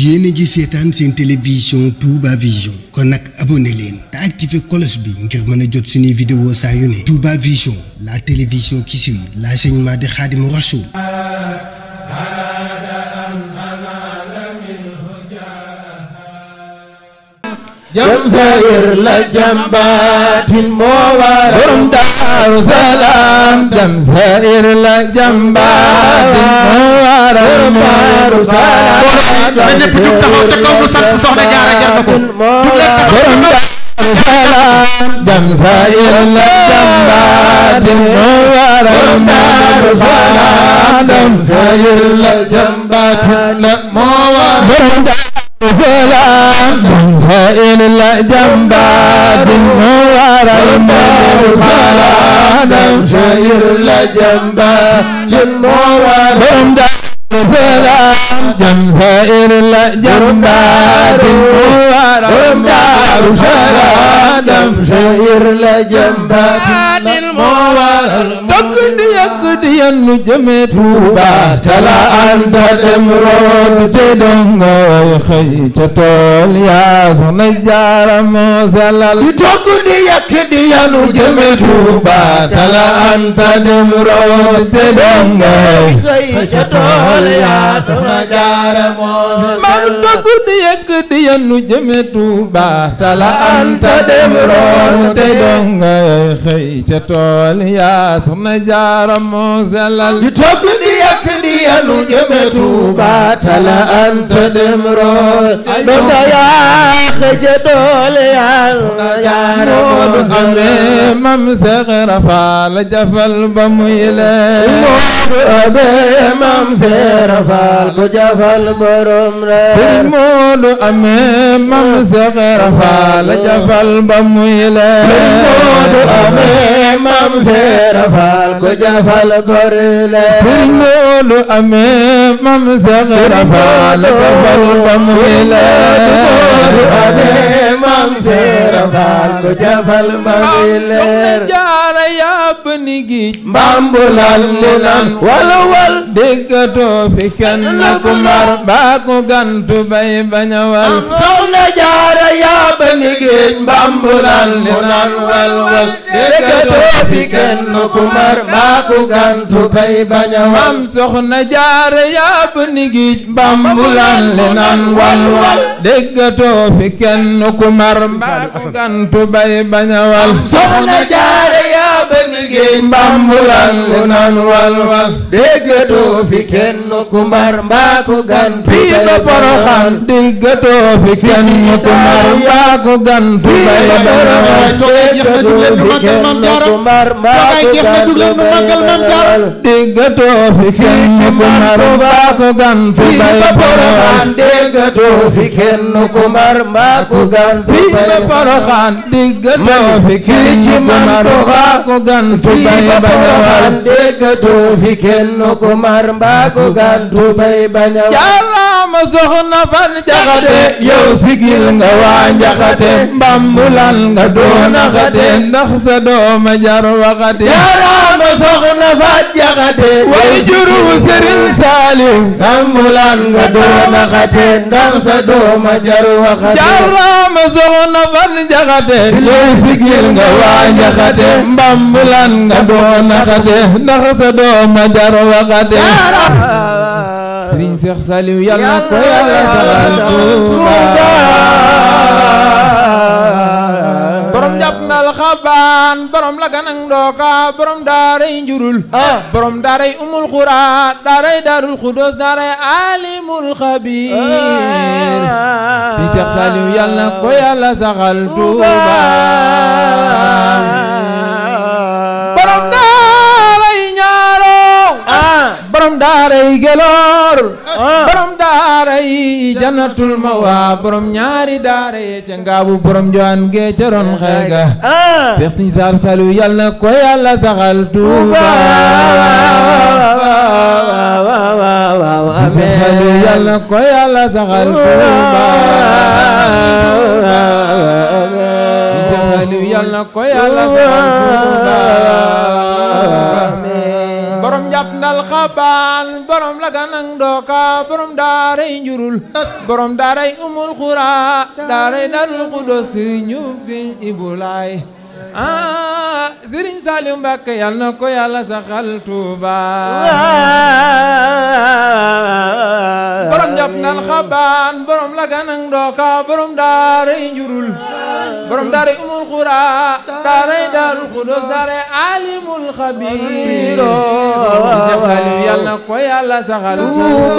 yéen a ngi seetaan seen télévision Touba Vision kon nag abonné leen te activé cloche bi ngir mën a jot suñuy vidéo saa ne Touba Vision la télévision qui suit l'enseignement de Khadimou Rassoul jam sa yër la jambaatin moo waral daaru salaam jam sair la jàmbaati waral daaru salaam na ñëpp jub taxaw ca kaw lu sant soxna jaara jar na ko borom daaru salaam jam sair la jàmbaati waral daaru salaam jam sair la jàmbaati moo waral سلام سائل الجنبات نور المر سلام سائل الجنبات نور المر سلام جم سائر الجنبات المورم دار سلام سائر الجنبات المورم تقد يقد ين جمت توبا تلا أنت تمرد تدنغو خيت تول يا سنجار مسلل تقد يقد ين جمت توبا تلا أنت تمرد تدنغو خيت تول sell yaa di yëkk di yanu jëme Tuuba sala anta dem roon te donga xëy ca tool yaa soxna jaara moo sellal di togg di yëkk yanu jëme Tuuba tala anta dem roon donga yaa xëje doole yaa nga jaare moolu amre mam seexera faal jafal ba muy leen moolu abe mam seexera faal ko jafal borom reen sëriñ moolu ame mam seexera faal jafal ba muy leen sëriñ moolu ame maam seera faal ku jafal bari leen sëriñ loolu amee maam seera faal ku jafal bari leen maam seera jaara yàbb ni giij mbaam bu nan wal wal déggatoo fi kenn na ku gantu bay baña wal soxna jaara yàbb ni giij mbaam bu nan wal wal déggatoo fi kenn na ku gantu bay baña mar mbaa ku gantu bay baña wal soxna jaare yaa benn géej mbambulan lu wal wal déggatoo fi fi kenn ku mar mbaa ku gantu bay baña fi kenn ku mar mbaa ku gantu bay baña fi kenn ku mar mbaa ku gantu fii soxna fan jaxate yow sigil nga waa njaxate mbambulan nga doonaxate ndax ndax sa dooma jar waxate jaaraama soxna fan njaxate si sigil nga waa njaxate mbambulan nga doo naxate ndax sa dooma jar waxate sëriñ Seex Saliw yàlla ko yàlla saxal Tuuba borom jàpp xabaan borom la ganang dooka borom daaray njurul ah. borom daaray umul xuraa daaray daarul daaray alimul xabiir ah, ah, si Seex Saaliw ko yàlla saxal Tuuba borom daaray geloor ah. borom daaray ah. saxal tuuba seex siñ salu yal na saxal tuuba borom njàpp ndal xabaan borom laganang dooka borom daaray njurul borom daaray umul xura daaray darul xudus ñub di ibulaay sëriñ Saliou Mbacke yal na ko yàlla saxal Touba borom jàpp naan xabaan borom laganang dooka borom daaray njurul borom daaray umul xura daaray daarul xudus daaray alimul xabir sëriñ Saliou yal na ko yàlla saxal Touba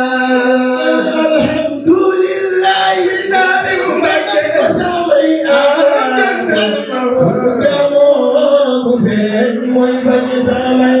la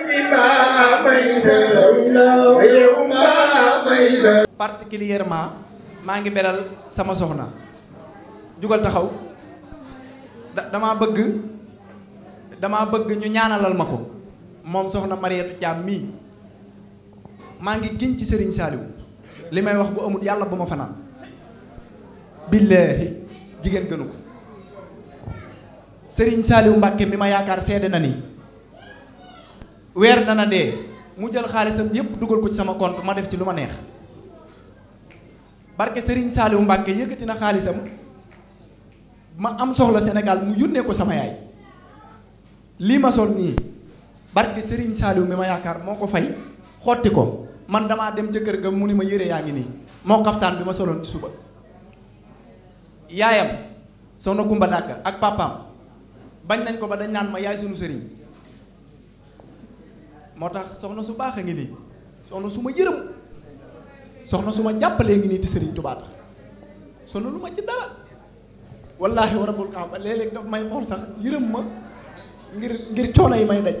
particulièrement maa ngi beral sama soxna jugal taxaw damaa bëgg damaa bëgg ñu ñaanalal ma ko moom soxna Mariétou Thiam mii maa ngi giñ ci sëriñ Saliou li may wax bu amul yàlla bu ma fanaan billaahi jigéen gënu ko Serigne Saliou Mbacke mi ma yaakaar sedd na ni weer dana dee mu jël xaalisam yépp dugal ko ci sama compte ma def ci lu ma neex barke Serigne Saliou Mbacke yëkkati na xaalisam ma am soxla Sénégal mu yónnee ko sama yaay lii ma sol nii barke sëriñ Saliou mi ma yaakaar moo ko fay xotti ko man damaa dem ca kër ga mu ni ma yére yaa ngi nii moo kaftaan bi ma soloon ci suba yaayam soxna Kumba Dàkk ak papaam bañ nañ ko ba dañ naan ma yaay sunu sëriñ moo tax soxna su baax a ngi nii soxna su ma yërëm soxna su ma jàppalee ngi nii te Serigne Touba tax soxna lu ma ci dara wallaahi wa rabbul kaaba ba léeg daf may xool sax yërëm ma ngir ngir coono yi may daj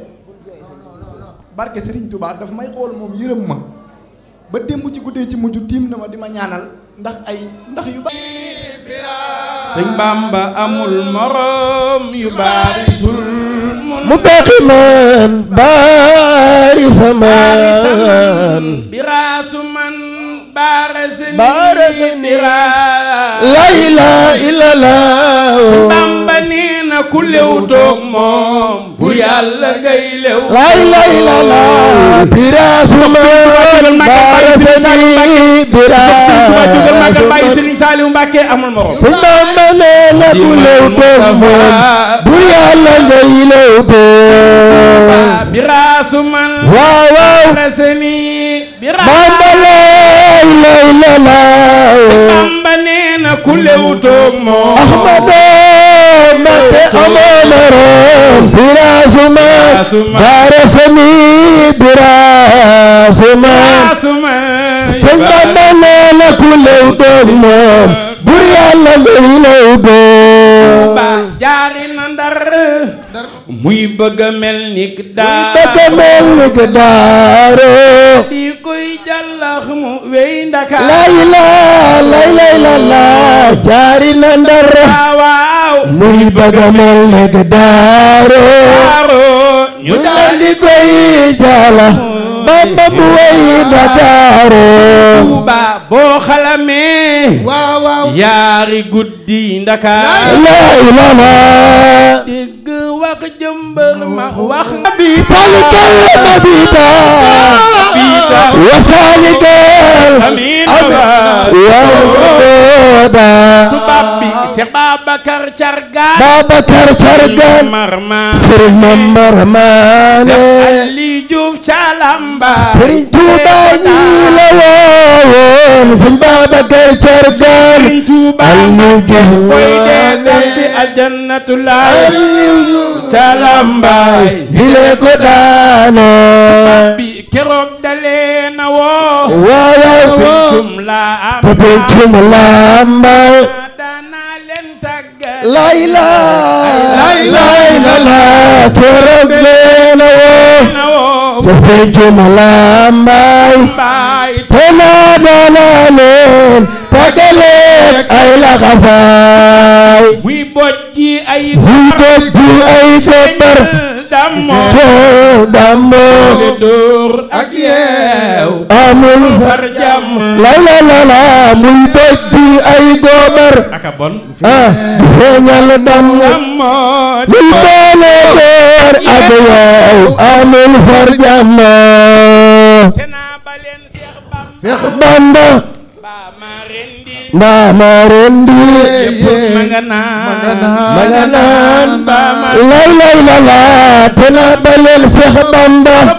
barke Serigne Touba daf may xool moom yërëm ma ba démb ci guddee ci mujj tiim na ma di ma ñaanal ndax ay ndax yu baax sëñ Bamba amul morom yu baax مداقما بارز من براس من بارز بارز لا إله إلا الله na ku lew toog moom bu yàlla ngay lew lay lay la la birasuma barasani birasuma jugal magal bàyyi Serigne Saliou Mbacké amul morom su ma mënee la ku lew toog moom bu yàlla ngay lew toog birasuma waaw waaw barasani bamba lay lay la la bamba nee na ku lew toog moom ahmada مت أمامرا براسما بارسمي براسما سنة ملالا كل دوم بريالا ليلا دوم جاري نندر muy bëgg a mel ni ki daaro muy bëgg a mel ni ki daaro di koy jàllax mu wey ndaka lay la lay lay la la jaari na ndar muy bëgg a mel nekk daaro ñu daal di koy jaala bamba mu way Ndakaaru xalamee yaari guddi Ndakaaru lay lala dégg wax jëmbal ma wax bi salikal ma biita Cheikh Babacar Cargaan Babacar Cargaan Serigne Mame Marmane Ali Diouf Calamba Serigne Touba ñi la woowoon Serigne Babacar Cargaan Ali Diouf koy dee dambi aljannatu laay Calamba yi le ko daanee keroog dalee na woo. waaw waaw laa fa pencum laa mbaay. danaa na woo. fa pencum laa mbaay. te naa danaa leen tàggalee ay la xasaay. bojji ay. buy dammoo te dammoo li dóor ak yeew amul far jàmm la la la la muy bëjji ay góobar ak a bon ah di feeñal dammoo muy boole dóor ak yeew amul far jàmm Seex Bamba Mbaa Marondi. lépp ma nga naan ma nga naan. lay lay la laa te naa baleel Seex Bamba.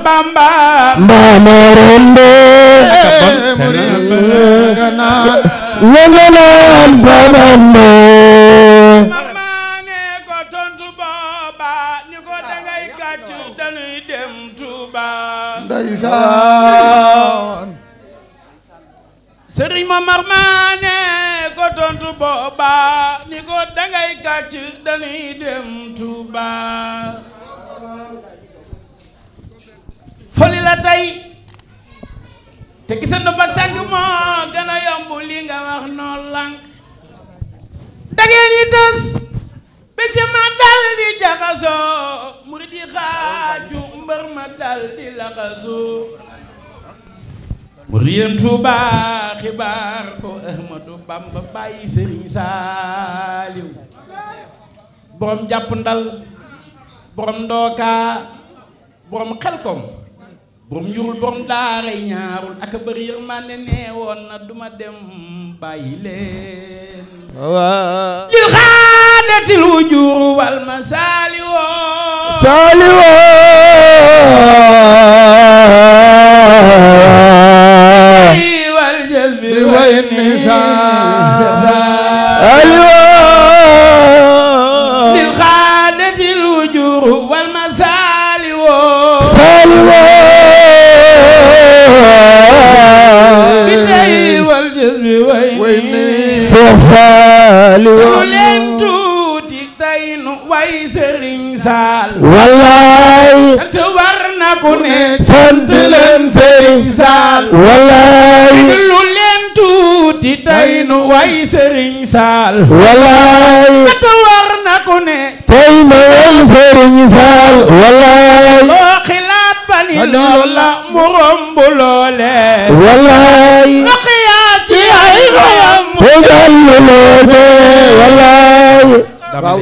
Mbaa Marondi. ma nga naan Mbaa Marondi. ndeysaan. Sëriñ Mamar Maane. tontu booba ni ko dangay kàcc dañuy dem Tuuba foli la tey te gisandoo ba tànk moo gën a yomb nga wax noo lànk dangeen yi tas ma dal di jaxasoo murid yi xaaju mbër ma dal di laxasoo muriyan Tuuba xibaar ko Ahmadu Bamba bàyyi Sëriñ Saaliw borom jàpp ndal borom ndookaa borom xelkom borom yurul borom daaray ñaarul ak bëri yërmande nee woon na duma dem bàyyi leen lil xaadatil wujur wal ma saaliwoo النساء اليوم للخادة الوجوه والمسالو سالو بالله والجذب وإني سالو wallaay sant leen Serigne Sall wallaay nu way sëriñ saal wallaay at war na ku ne tey ma way sëriñ saal wallaay boo xilaat bani loola mu romb loole wallaay noqiyaa ci ay royam mu jàll loole wallaay waaw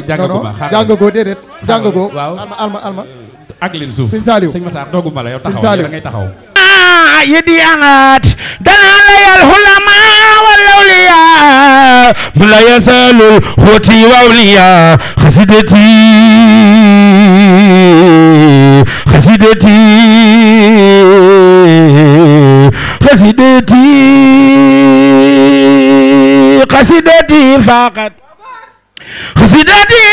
jàng ko déedéet jàng ko alma alma alma ak leen suuf sëñ Saliou sëñ Matar dooguma la yow taxaw da ngay taxaw ah yidi anaat dana layal xulamaa الأولياء لا يزال الخوتي وأولياء خسيدتي خسيدتي خسيدتي خسيدتي فقط خسيدتي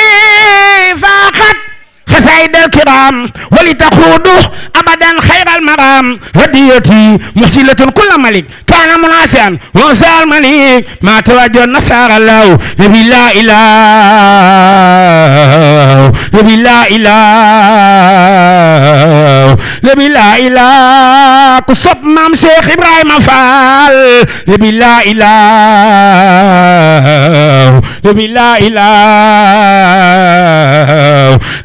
قصائد الكرام ولتخوض أبدا خير المرام هديتي محجلة كل ملك كان مناسيا وانسى الملك ما توجه النصارى الله نبي لا إله نبي لا إله نبي لا إله كسب مام شيخ إبراهيم فال نبي لا إله نبي لا إله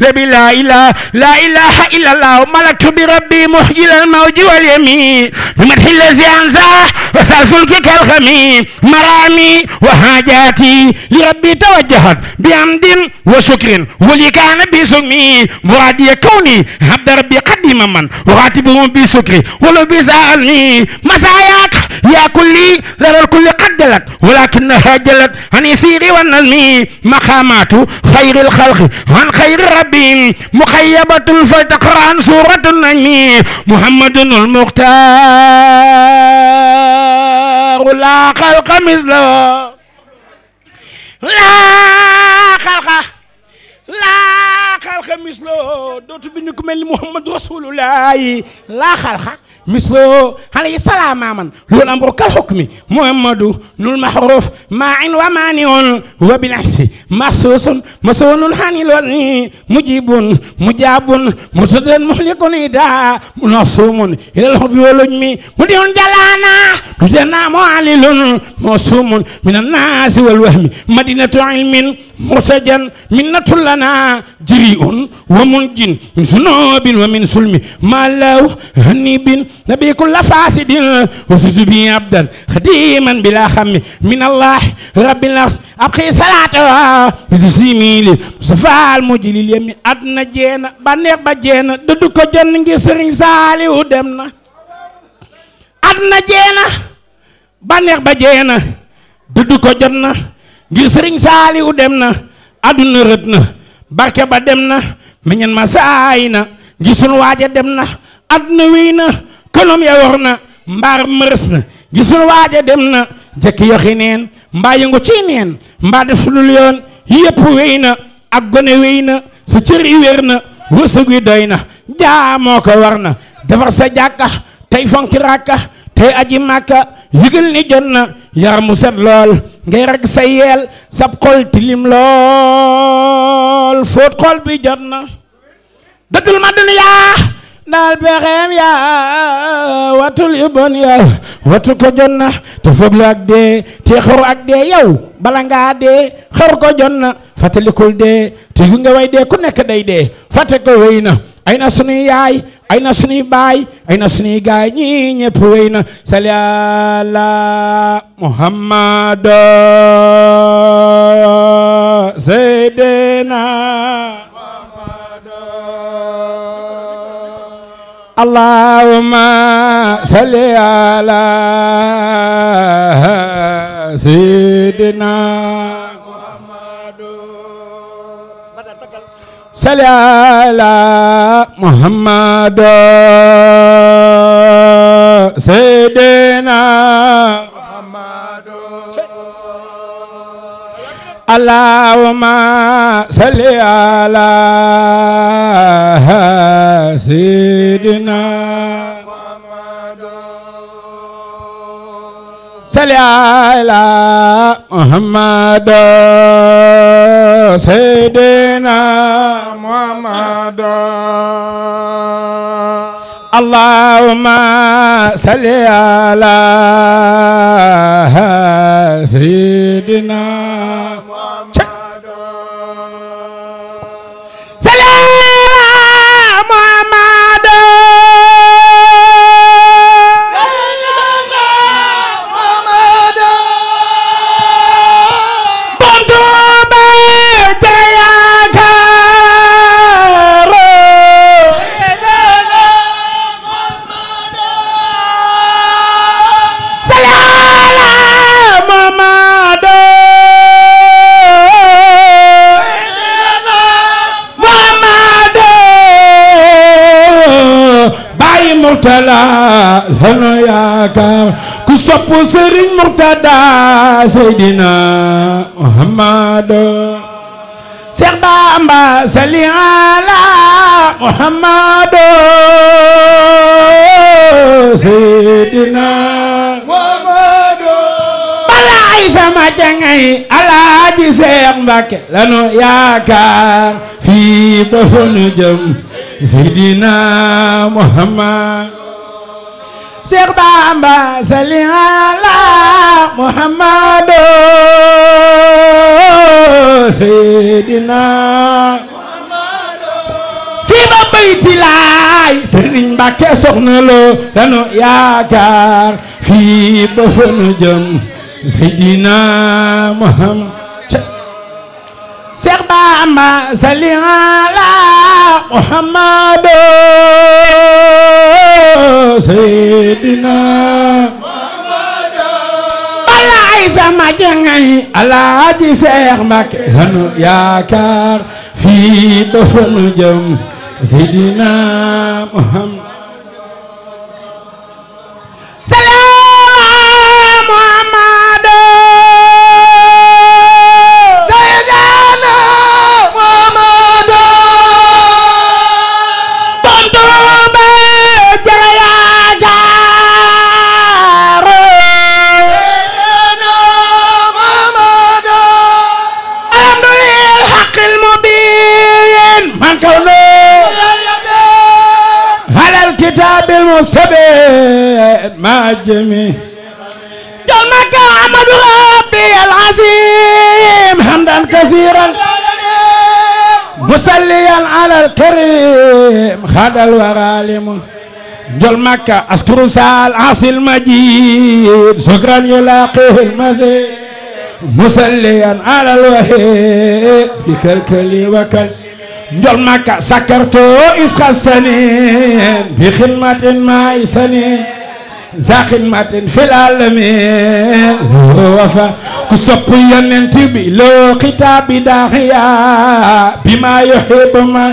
لبي لا إله لا إله إلا الله ملكت بربي محيي الموج واليمين بمدح الذي أنزاه وسال فلكك الخمين مرامي وحاجاتي لربي توجهت بحمد وشكر ولي كان بسمي مرادي كوني عبد ربي قديما من وغاتبهم بسكري ولو بيسألني مساياك yaa kulli laral kulli xaddalat walakinaha jalat ani siiri wanal ni maqaamaatu xayril xalqi an xayri rabbihim muxayabatun fa taqraan suuratu najmi muhammadunul muxtaaru laa xalqa mislahu laa xalqa laa xalqa mislahu dootu bi ni ku mel ni muhammad rasulullah laa xalqa مثله عليه السلام عمن له الأمر كالحكم محمد نور محروف ماع ومانع وبالعكس محسوس مسون حن الوزن مجيب مجاب مرتد محلق نداء منصوم إلى الحب واللجم مدين جلانا تجنا معلل موسوم من الناس والوهم مدينة علم مسجن منة لنا جريء ومنجن من ذنوب ومن سلم ما الله هني بن نبي كل فاسد وسجد بي عبدا خديما بلا خم من الله رب النفس أبقي صلاة بتسيميل مصطفى المجل اليمين أدنى جينا بانيق بجينا ددوك جن نجي سرين سالي ودمنا أدنى جينا بانيق بجينا ددوك جنة ngir sëriñ saaliwu dem na àdduna rët na barke dem na meññan ma saay na ngir sunu waaja dem na àdduna wéy na konom ya war na mbaar mërës na ngir sunu waaja dem na jëkki yoxi neen mbaa yëngu ci neen mbaa def lul yoon yëpp wéy na ak gone wéy na sa cër yi wér na wërsëg wi doy na jaamoo ko war na defar sa jàkka tey fonki ràkka tey aji màkka yëgal ni jot na yar mu set lool ngay rag sa yeel sab xol tilim lool fóot xol bi jot na dëddul ma duniyaa daal bexeem yaa watul yu bon yow ko jot na te foglu ak dee te xaru ak dee yow bala ngaa dee xaru ko jot na fàttalikul dee te gu nga way dee ku nekk day dee fàtte ko wéy na ay na sunuy yaay ay na suñuy baay ay na suñuy gaay ñi ñëpp wéy na sali muhammad seydina muhammad allahumma sali ala seydina sali ala muhammad seydina muhammad allahumma sali ala seydina صل على محمد سيدنا محمد اللهم صل على سيدنا محمد murtada lanu yaakaar ku sopp sëriñ murtada seydina muhammadu balaay sama jangay alaaji seex mbàkke lanu yaakaar fii ba jëm seydina muhammad seex bamba sali ala muhammado seydina fi ba bayti soxna loo lanu yaakaar fi ba fa nu jëm seydina muhammad Cheikh Bamba salli ala Muhammad sayyidina Muhammad balay sama jangay alaaji Cheikh Mbacké lanu yaakaar fii dafa nu jëm Muhammad سبيل مع الجميع جمك عمد ربي العظيم حمدا كثيرا مصليا على الكريم خد الورالم جل مكة أشكر سال عاصي المجيد شكرا يلاقيه المزيد مصليا على الوحيد بك الكل وكل njol maka sakarto isqa sanin bi xidmatin may sanin za xidmatin fil alamin wafa ku sopp yonent bi loo bi ma yuhibbu ma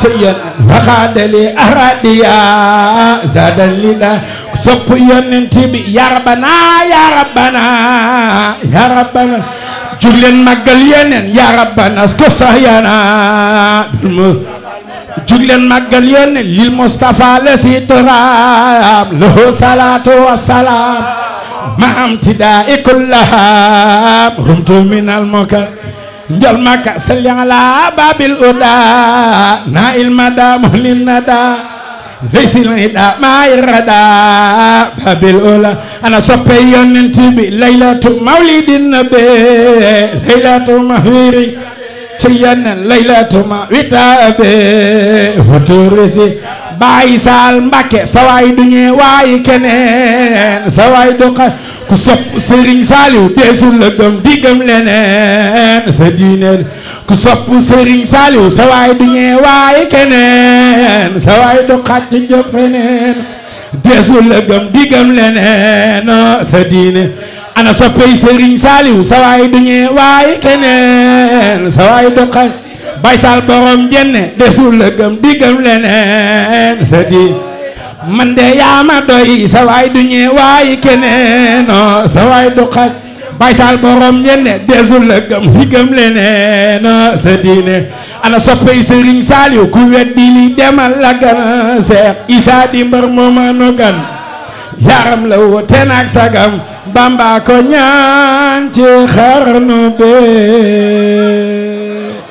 ci yonent li da ku sopp yonent bi ya rabbana ya rabbana jug leen màggal yeneen yaa rabbana ko sahyana jug leen màggal yeneen lil Mustafa la si turaam lahu salaatu wa salaam maam tidaa ikullahaam rumtu min al mokar njol makka salli ala babil uda na il madamu lin nada leysi layɗa mayraɗa babil ola ana soppe yonnentiɓe laylatu mawlidinnaɓe laylatu mawiri ceyannen laylatuma witaɓe hotoresi bayi sal mbakke saway duñe wayi kenen saway doka ko sopp serigne saliw desulla ɗom digam lenen sa dinede ku sopp Serigne Saliou sa waay du ñee waay keneen sa waay du xàcc jëm feneen deesul la gëm digam leneen ah, sa diine ana soppey Serigne Saliou sa waay du ñee waay keneen sa waay du xàcc bay sal borom jenne desul la gëm leneen sa diine man de yaa doy sa waay du ñee waay keneen ah, sa waay du xàcc Baye Sall borom ñenne desul la gëm ci gëm leneen sa diine ana soppe Serigne Saliou ku weddi li demal la gan Seex Isaa di mbar mooma no gan yaram la woote naag sagam Bamba ko ñaan ci xarnu bee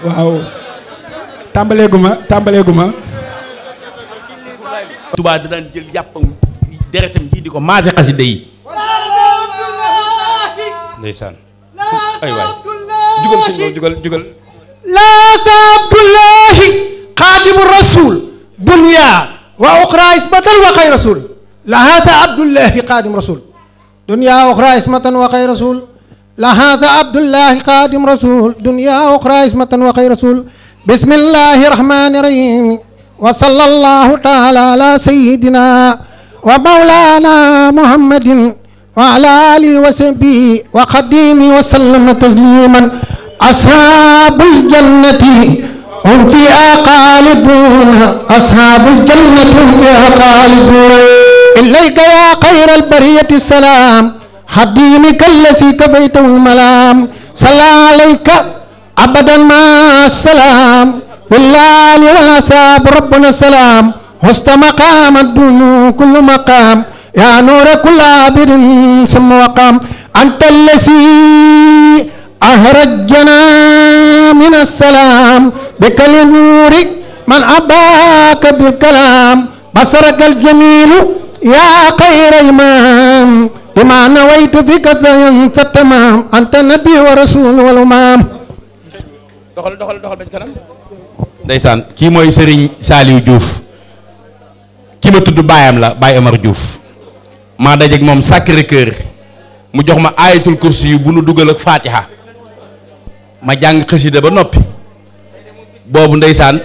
waaw tàmbaleeguma tàmbaleeguma Touba da daan jël yàppam deretam ji di ko maase xasida yi ndeysaan ay waay jugal sëñ boobu jugal jugal laa sa abdullahi xaadimu rasul bunya wa uxra ismatan wa xay rasul laha sa abdullahi xaadim rasul dunya uxra ismatan wa xay rasul laha sa abdullahi xaadim rasul dunya uxra ismatan wa xay rasul bismillahi rahmani rahim wa sallallahu taala ala sayidina wa maulana muhammadin وعلى آله وصحبه وقديمه وسلم تسليما أصحاب الجنة هم فيها خالدون أصحاب الجنة هم فيها خالدون إليك يا خير البرية السلام حبيبك الذي كبيته الملام صلى عليك أبدا ما السلام والله والأصحاب ربنا السلام حسن مقام الدنيا كل مقام يا نور كل عابد ثم وقام أنت الذي أهرجنا من السلام بك النور من أباك بالكلام بصرك الجميل يا خير إمام بما نويت فيك زينت التمام أنت نبي ورسول والإمام doxal doxal doxal ba ci kanam ndeysaan kii mooy Serigne Saliou Diouf ki ma tudd baayam la Baye Omar Diouf maa dajeeg moom Sacré Cœur mu jox ma aayatul kursi yu bu nu dugal ak faatiha ma jàng xasida ba noppi boobu ndeysaan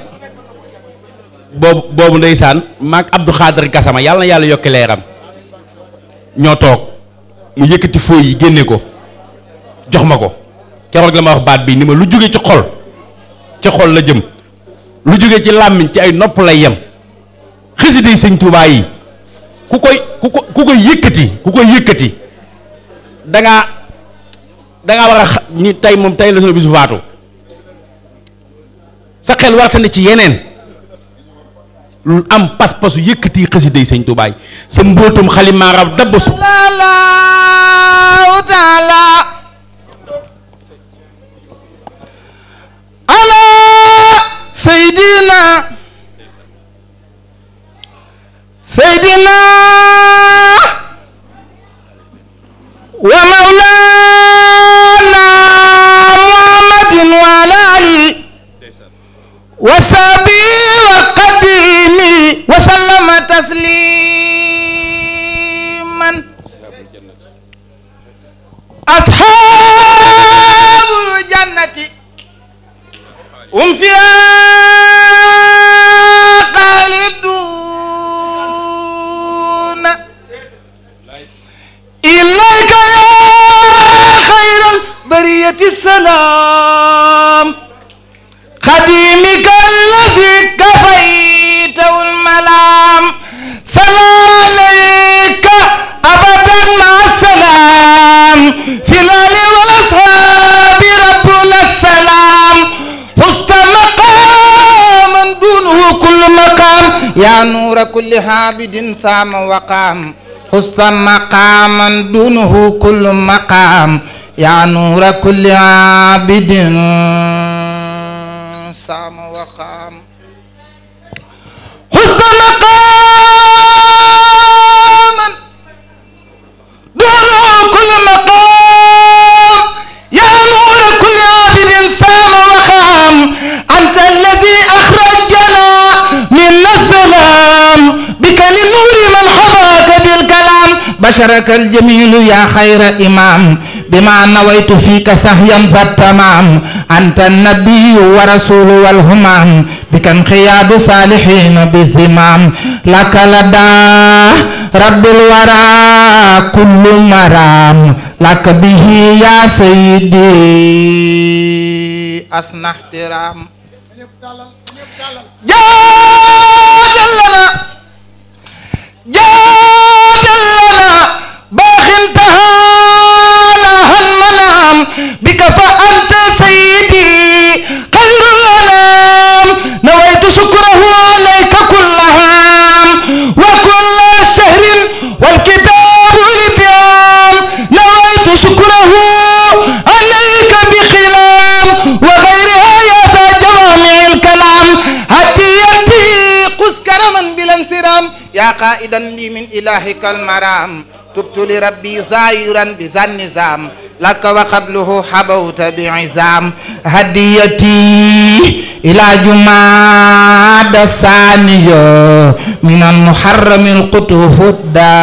boobu boobu ndeysaan maag Abdou Khader Gassama yàlla na yàlla yokk leeram ñoo toog mu yëkkati fooy yi génne ko jox ma ko keroog la ma wax baat bi ni ma lu jóge ci xol ci xol la jëm lu jóge ci làmmiñ ci ay nopp lay yem xasida yi sëñ Tuubaa yi ku koy ku ko ku koy yëkkati ku koy yëkkati da ngaa da ngaa war a ni tey moom tey la sunu bisu faatu sa xel warta ne ci yeneen lu am pas-pasu yëkkati xasida yi sëñ Tuubaa sa mbóotum xalimaa rab dabbasu. Allahu kulli haabidin saama waqaam xusta maqaaman duunuhu kullu maqaam yaa nuura kulli haabidin saama waqaam بشرك الجميل يا خير إمام بما نويت فيك سهيا فالتمام أنت النبي ورسول والهمام بك انقياد صالحين بالزمام لك لدى رب الورى كل مرام لك به يا سيدي أصنع احترام جاء yaa qaidan li min ilahika almaram tubtu li rabbi zaayiran bi zannizam laka wa qabluhu habawta bi izam hadiyati ila jumaada saaniya min almuharrami alqutufudda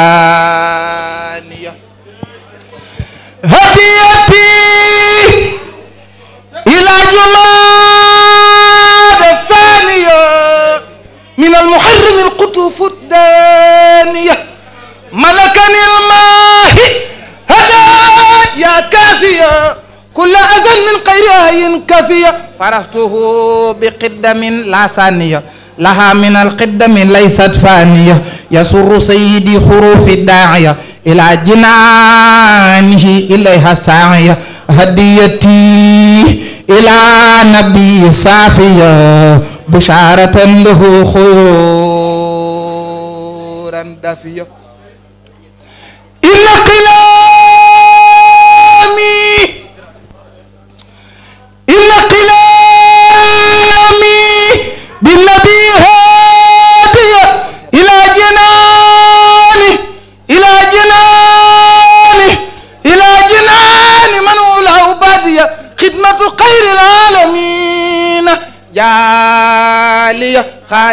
muntafiya faraxtuhu bi qiddamin la saniya laha min alqiddami laysat faniya yasurru sayidi xurufi daaya ila jinaanihi ilayha saaya hadiyati ila nabi saafiya busharatan lahu xuyuran dafiya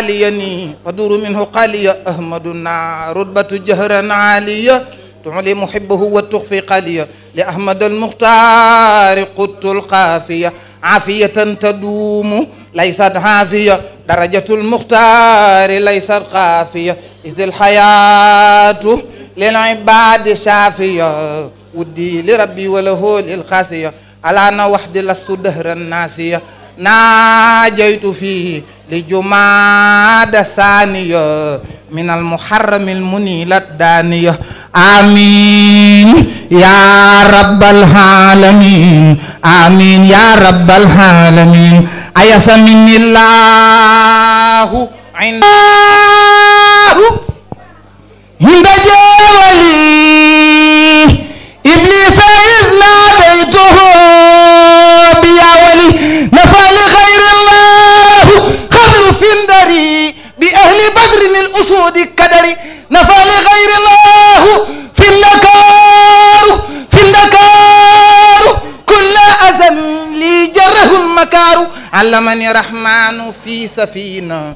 عاليني فدور منه قالي أحمدنا رتبة جهرا عالية تعلي محبه وتخفي قالية لأحمد المختار قدت القافية عافية تدوم ليست عافية درجة المختار ليست قافية إذ الحياة للعباد شافية ودي لربي وله للخاسية ألا أنا وحدي لست دهرا ناسية ناجيت فيه li jumaada saaniya minal muharramil munilat daaniya amin ya rabbal alamin amin ya rabbal alamin ayasa minillahu indahu inda jeewali iblisa badari nafaani xayrillaahu fi ndakaaru fi ndakaaru kulla azan lii jarahul makaaru allamani rahmaanu fi safina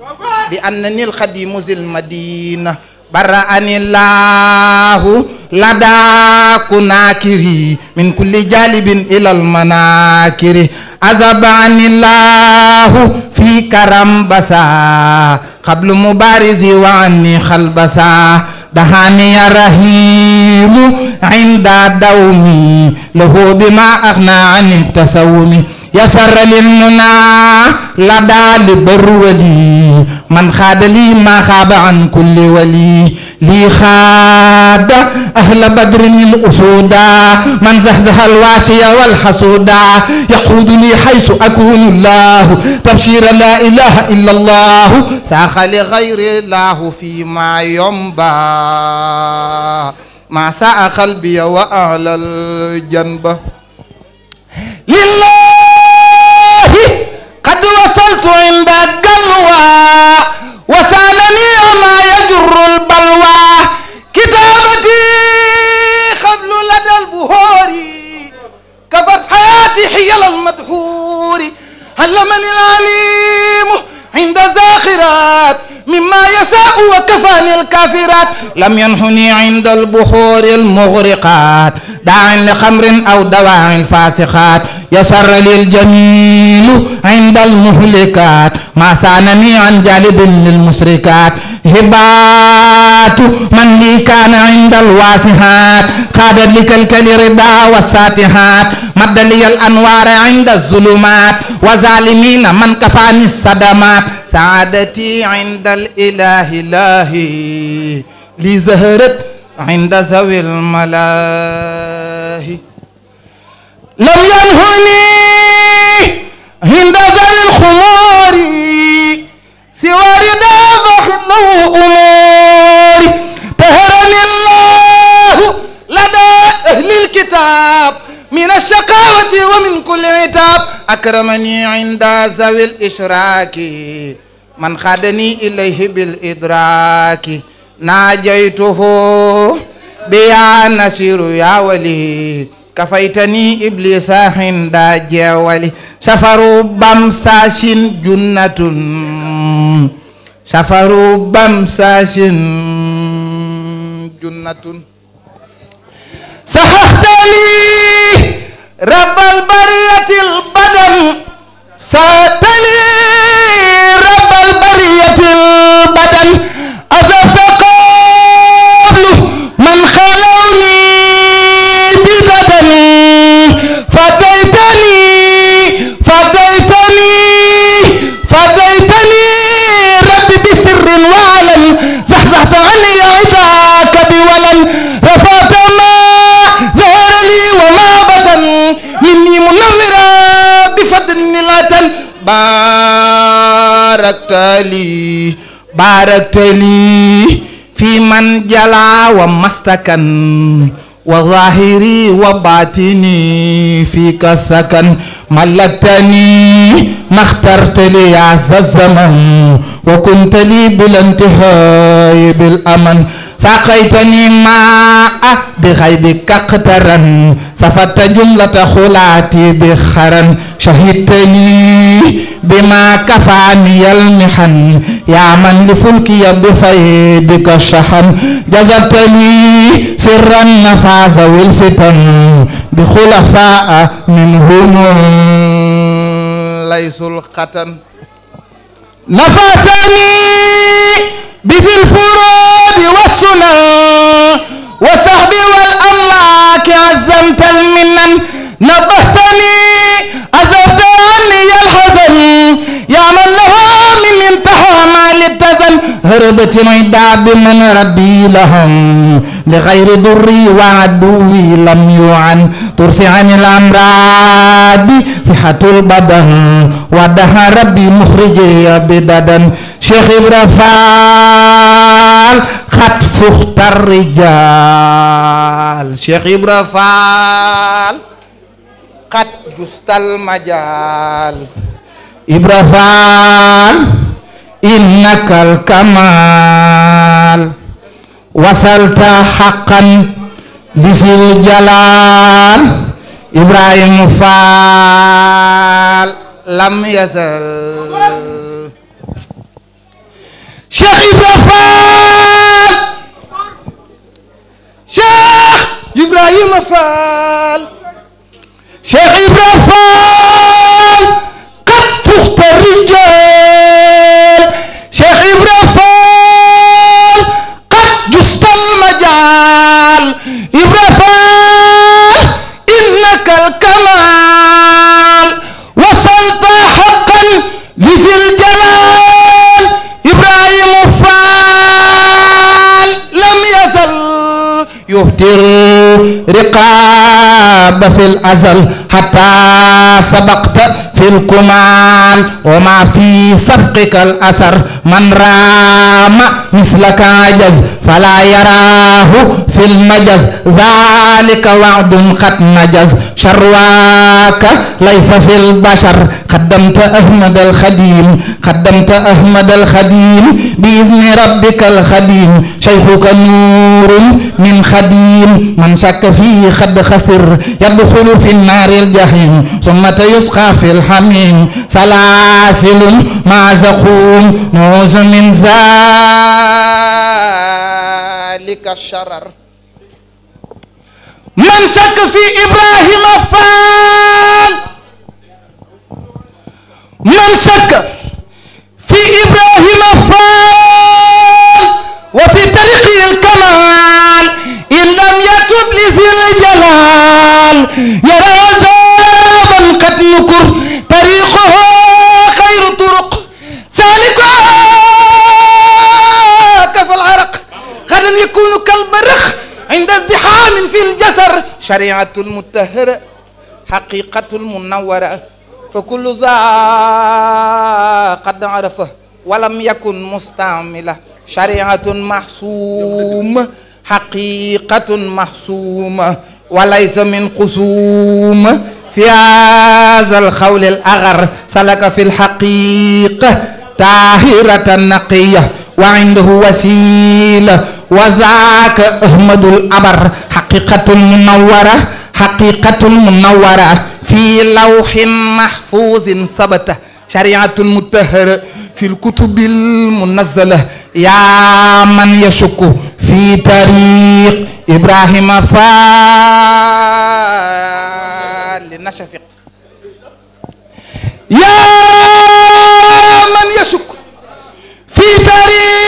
bi annani alxadimu zil madina bara anillahu ladaku nakiri min kulli jalibin ilal manakiri azaba anillahu fi karam basa qablu mubarizi wa anni xalbasa dahaniya rahimu inda dawmi lahu bima aghna ani tasawumi يسر للمنى لدى لبر ولي من خاد لي ما خاب عن كل ولي لي خاد أهل بدر الأسودا من زهزه الواشية والحسودا يقودني حيث أكون الله تبشير لا إله إلا الله ساخ لغير الله فيما ينبى ما ساء قلبي وأعلى الجنب لله الوسط عند الدلوى وسالني وما يجر البلوى كتابتي خبل لدى البهور كفت حياتي حيل المدحور هل من العلم وكفاني الكافرات لم ينحني عند البحور المغرقات داع لخمر أو دواع فاسقات يسر لي الجميل عند المهلكات ما سانني عن جالب للمسركات هبات من لي كان عند الواسحات خادت لك الكل رضا والساتحات مد لي الأنوار عند الظلمات وظالمين من كفاني الصدمات saadati inda al ilahi lahi li zaharat inda zawil malahi lam yanhuni inda zawil khumuri siwa rida bahlu umuri taharani allah lada ahli alkitab min alshaqawati wa min kulli itab akramani inda zawil ishraaki man xaadani ilayhi bil idraaki naajaytuhu biya nasiru ya wali kafaytani iblisa hinda jeewali safaru bam saashin junnatun safaru bam saashin junnatun sahaxtali rabbal bariyatil badan saa tali rabbal bariyatil badan أدركت لي باركت لي في من جلا ومستكن وظاهري وباطني فيك سكن ملكتني ما اخترت لي عز الزمن وكنت لي بلا انتهاء بالأمن سقيتني ماء بغيبك قطرا سفت جملة خلاتي بخرا شهدتني بما كفاني المحن يا من لفلكي بفيدك الشحن جزتني سرا نفاذ والفتن بخلفاء منهم laysul xatan nafatani bi fil furadi wassunan wa sahbi wal amlaaki azamtal minan naba وهبت عداب من ربي لهم لغير ضري وعدوي لم يعن ترسي عن الأمراض صحة البدن ودها ربي مخرجي بددا شيخ إبرافال خط فخت الرجال شيخ إبرافال قد جست المجال إبرافال innaka alkamaal wasalta xaqan bisil jalaal ibrahim faal lam yasal cheikh ibra faal cheikh ibrahima faal cheikh ibra faal riqaaba fil azal hatta sabaqta في الكمان وما في سبقك الأثر من رام مثلك عجز فلا يراه في المجز ذلك وعد قد نجز شرواك ليس في البشر قدمت أحمد الخديم قدمت أحمد الخديم بإذن ربك الخديم شيخك نور من خديم من شك فيه قد خسر يدخل في النار الجحيم ثم يسقى في الحر درهم سلاسل ما زقوم نعوذ من ذلك الشرر من شك في إبراهيم فان من شك في إبراهيم فان shariatul mutahara xaqiqatul munawara fa kullu za qad arafa walam yakun mustamila shariatun mahsuma xaqiqatun mahsuma walaysa min qusuuma fi haazal xawlil agar salaka fil xaqiqa taahiratan naqiya wa indahu wasila wazaaka ahmadul abar xaqiqatul munawara xaqiqatul munawara fii lawxin mahfuuzin sabata shariatul mutahara fil kutubil munazzala yaa man yashukku fii tariq Ibrahima Faal li nashafiq yaa man yashukku fii tariq.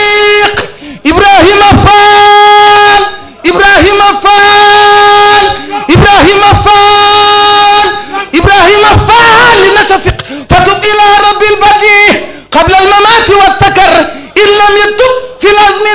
يتفق فتب إلى رب البديع قبل الممات واستكر إن لم يتب في العزم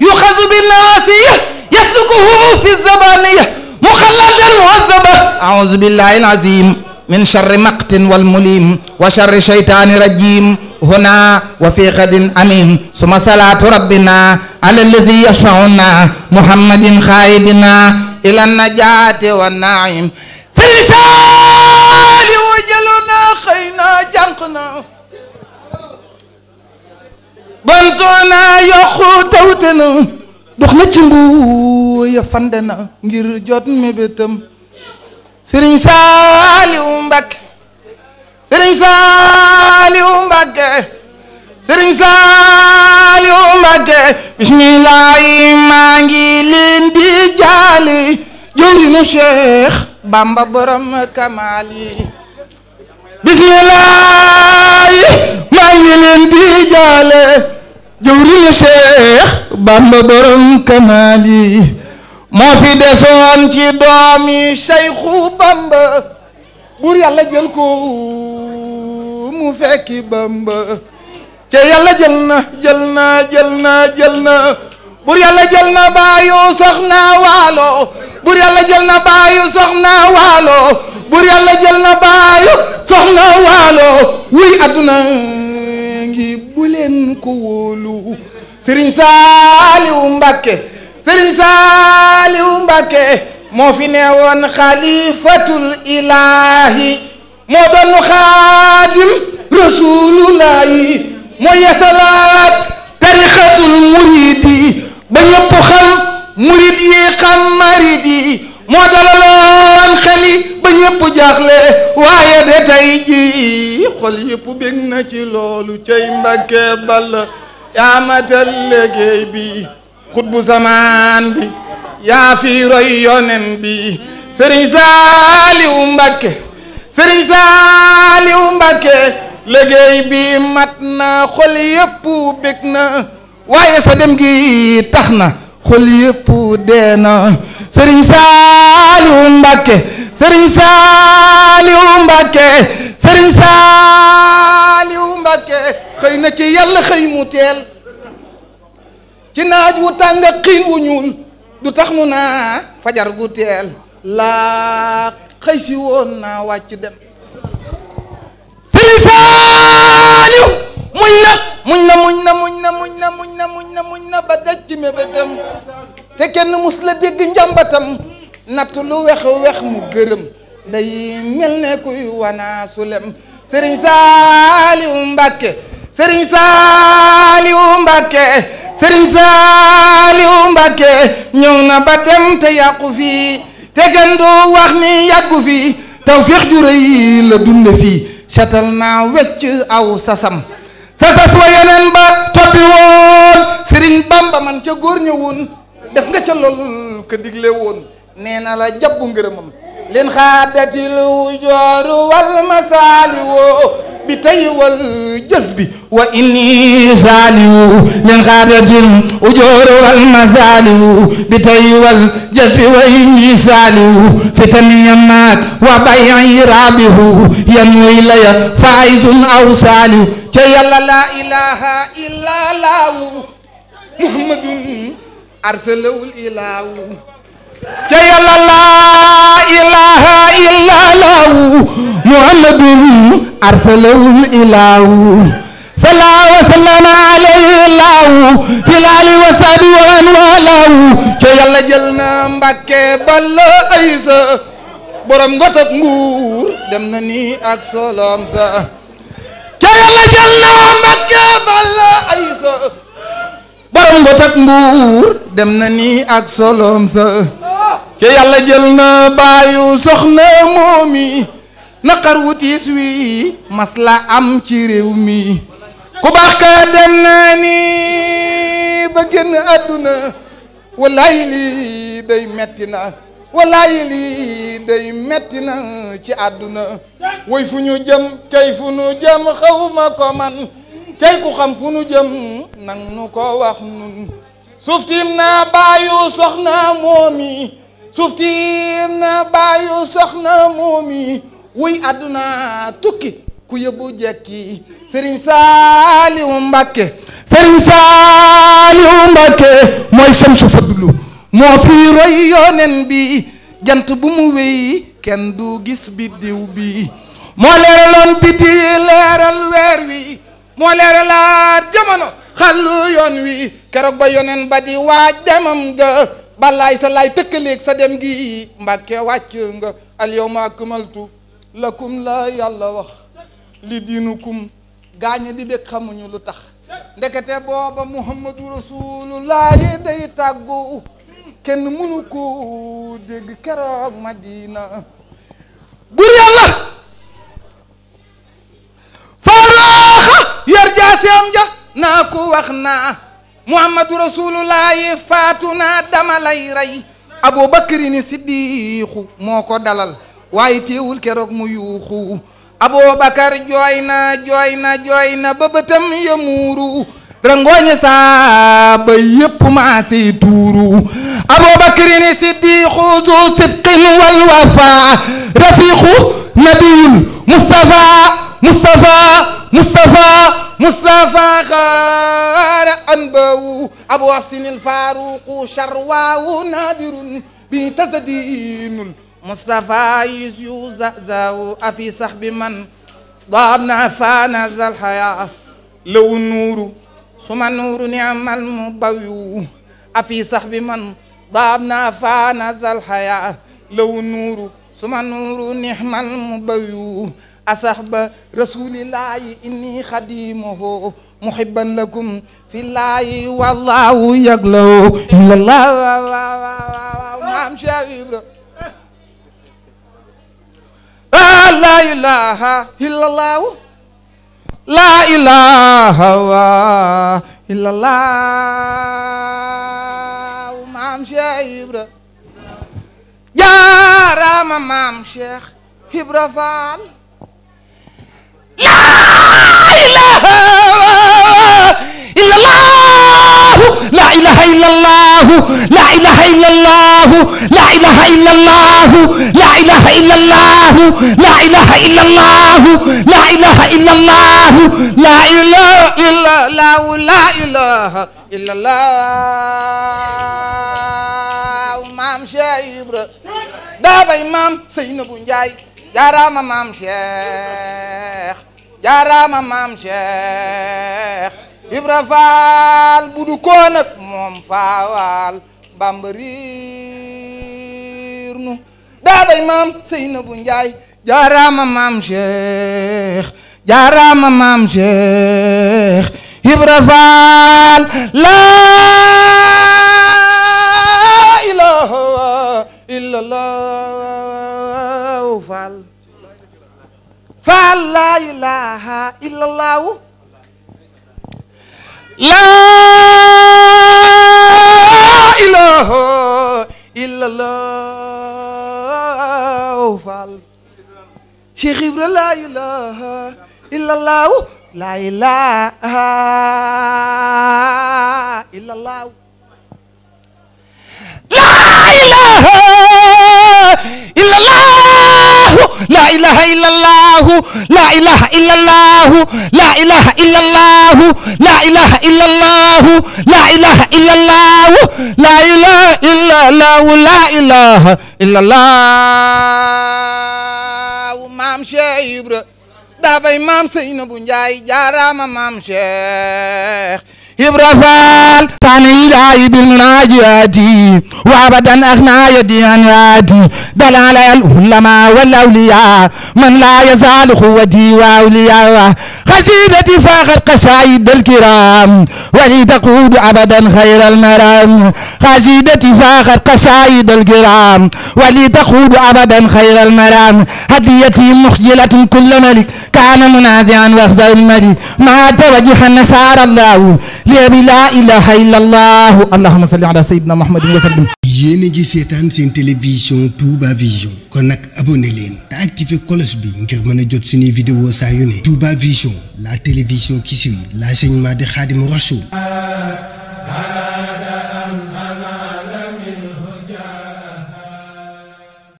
يؤخذ بالنواسية يسلكه في الزبانية مخلدا عذبا أعوذ بالله العظيم من شر مقت والمليم وشر شيطان رجيم هنا وفي غد أمين ثم صلاة ربنا على الذي يشفعنا محمد خائدنا إلى النجاة والنعيم سيشان làqu dox na ci mbu ya fande na ngir jot mébétam sëriñ saaliwu mbàkke sëriñ saaliwu mbàkke sëriñ saaliwu bismillaahi maa ngi leen di jaali jëwrinu cheikh bamba borom kamaal yi bismillaahi maa ngi leen di jaale jëwriñu Seex Bamba borom kamaal moo fi desoon ci doomi Seyxu Bamba buur yàlla jël ko mu fekki Bamba ca yàlla jël na jël na jël na jël na buur yàlla soxna waalo buur yàlla jël na soxna waalo buur yàlla bu leen ko wóolu Serigne Saliou Mbacké Serigne Saliou Mbacké moo fi ne woon xalifatul ilaahi moo doon xaadim rasulullahi moo yasalaat tarixatul murid yi ba ñëpp xam murid yi xam marid yi moo dalaloon yëpp jaaxle waaye de tey ji xol yëpp bég na ci loolu cay Mbàkke Balla yaa matal liggéey bi xutbu zamaan bi yaa fi roy yonen bi sëriñ Saaliw Mbàkke sëriñ Saaliw Mbàkke liggéey bi mat na xol yëpp bég na waaye sa dem gi tax na xol yëpp dee na sëriñ Saaliw Mbàkke sëriñ Saliou Mbacké Serigne Saliou Mbacké xëy na ci yàlla xëy mu teel ci naaj wu tàng xiin wu ñuul du tax mu naa fajar gu teel laa xëy si woon naa wàcc dem Serigne Saliou muñ na muñ na muñ na muñ na muñ na muñ na ba daj ci mébétam te kenn mus la dégg njàmbatam natt lu wex wex mu gërëm day mel ne kuy wanaasu lem sëriñ saaliwu mbàkke sëriñ saaliwu mbàkke mbàkke ñëw na ba dem te yàqu fii te gën du wax ni yàggu fii tawféex ju la dunde fii satal naa wecc aw sasam sasas wa yeneen ba toppi woon sëriñ bamba man ca góor ñëwoon def nga ca lool ka digle woon nee na la jàpp ngërëmam leen xaadatil wujooru wal masaali woo bi tey wal jës bi wa inni saaliwu leen xaadatil wujooru wal masaaliwu bi tey wal jës bi wa inni saaliwu fitan yamaat wa bayan raabihu yan wuy laya faaizun aw saaliwu ca yàlla laa ilaha illa laawu muhammadun arsalawul ilaawu ca yàlla laa ilaha illa laahu muhammadun arsalahul ilaahu salaa wa salaama alayhi laahu fil ali wa saabi wa man walaahu ca yàlla jël na mbàkke balla aysa borom ngotak nguur dem na ni ak solom sa ca yàlla jël na mbàkke balla aysa borom ngot ak mbuur dem na ni ak solom sa ca yàlla jël na baayu soxna moomi naqar wu tiis wi mas la am ci réew mi ku baax ka dem na nii ba génn àdduna wallaay lii day metti na wallaay lii day metti na ci àdduna woy fu ñu jëm tey fu ñu jëm xawma ko man cey ku xam fu nu jëm nang nu ko wax nun suuf tiim naa baayu soxna moomi suuf tiim naa baayu soxna moomi wuy àdduna tukki ku yóbbu jekki Serigne Saliou Mbacké Serigne Saliou Mbacké mooy samsu fadlu moo fi roy yoonen bi jant bu mu wéy kenn du gis biddiw bi moo leeraloon biti leeral moo leeralaat jamono xallu yoon wi keroog ba yonen ba di waaj demam nga balaay sa laay tëkkaleeg sa dem gi mbàkke wàcc nga al yawma akmaltu lakum la yàlla wax li diinukum gaañe di bég xamuñu lu tax ndekete booba muhammadu rasulullahi day tàggu kenn mënu ko dégg keroog madina bur yàlla seem ja naa ko wax na muhammadu rasulullaahi faatu naa dama lay rey abubakari ni siddiixu moo ko dalal waaye teewul keroog mu yuuxu abubakar jooy na jooy na jooy na ba bëtam ya muuru rangooñi saaba yépp maasey tuuru abubakari ni siddiixu zu sidqin wal wafa rafiiqu nabiyul mustafa مصطفى مصطفى مصطفى غار أنبو أبو حسن الفاروق شرواو نادر بتزدين مصطفى يزيو أفي صحب من ضابنا فانز الحياة لو النور ثم النور نعم المبوي أفي صحب من ضابنا فانز الحياة لو النور ثم النور نعم المبوي asahba rasulillahi inni xadimuhu muhibban lakum fillahi wallahu yaglaw illallah waaw waaw waaw maam Cheikh Ibra la ilaha illallah la ilaha illallah maam Cheikh Ibra jaarama maam Cheikh Ibra Fall laa ilaha illallahu laa ilaha illallahu laa ilaha illallahu laa ilaha illallahu laa ilaha illallahu laa ilaha illallahu laa ilaha illallahu laa ilaha illallahu illallah maam Cheikh Ibra daa bay maam Seynabou Ndiaye jaaraama maam Cheikh jaaraama maam Cheikh Ibra Faal bu du koon moom faawaal Bamba riir nu daaday maam Seynabu Njaay jaaraama maam Cheikh jaaraama maam Cheikh Ibra Faal laa fa laa ilaaha illallahu laa ilaaha illallahu Fall Cheikh Ibra laa ilaaha illallahu laa ilaaha illallahu la ilaha illallahu la ilaha illallahu la ilaha illallahu la ilaha illallahu la ilaha illallahu la ilaha illallahu la ilaha illallahu maam Cheikh Ibra daa bay maam Seynabu Njaay jaaraama maam Cheikh Ibra Faal tani laayi bil munaajaati wa abadan axna yadi an yaati dalala al ulama wal awliya man laa yazaalu quwwati wa awliya xasiidati faaxat qasaa'id al kiraam wali taquudu abadan xayra al maraam xasiidati faaxat qasaa'id al kiraam wali taquudu abadan xayra al maraam hadiyati muxjilatun kulla malik kaana munaazian waxza al malik maa tawajjaha nasaara allahu léegi laa ilaha illallahu allahumma salli ala sayyidina muhammadin wa a ngi seetaan seen télévision Touba Vision kon nag abonné leen te activé cloche bi ngir mën a jot suñuy vidéo saa yu ne Touba Vision la télévision qui suit l'enseignement de Khadimou Rassoul.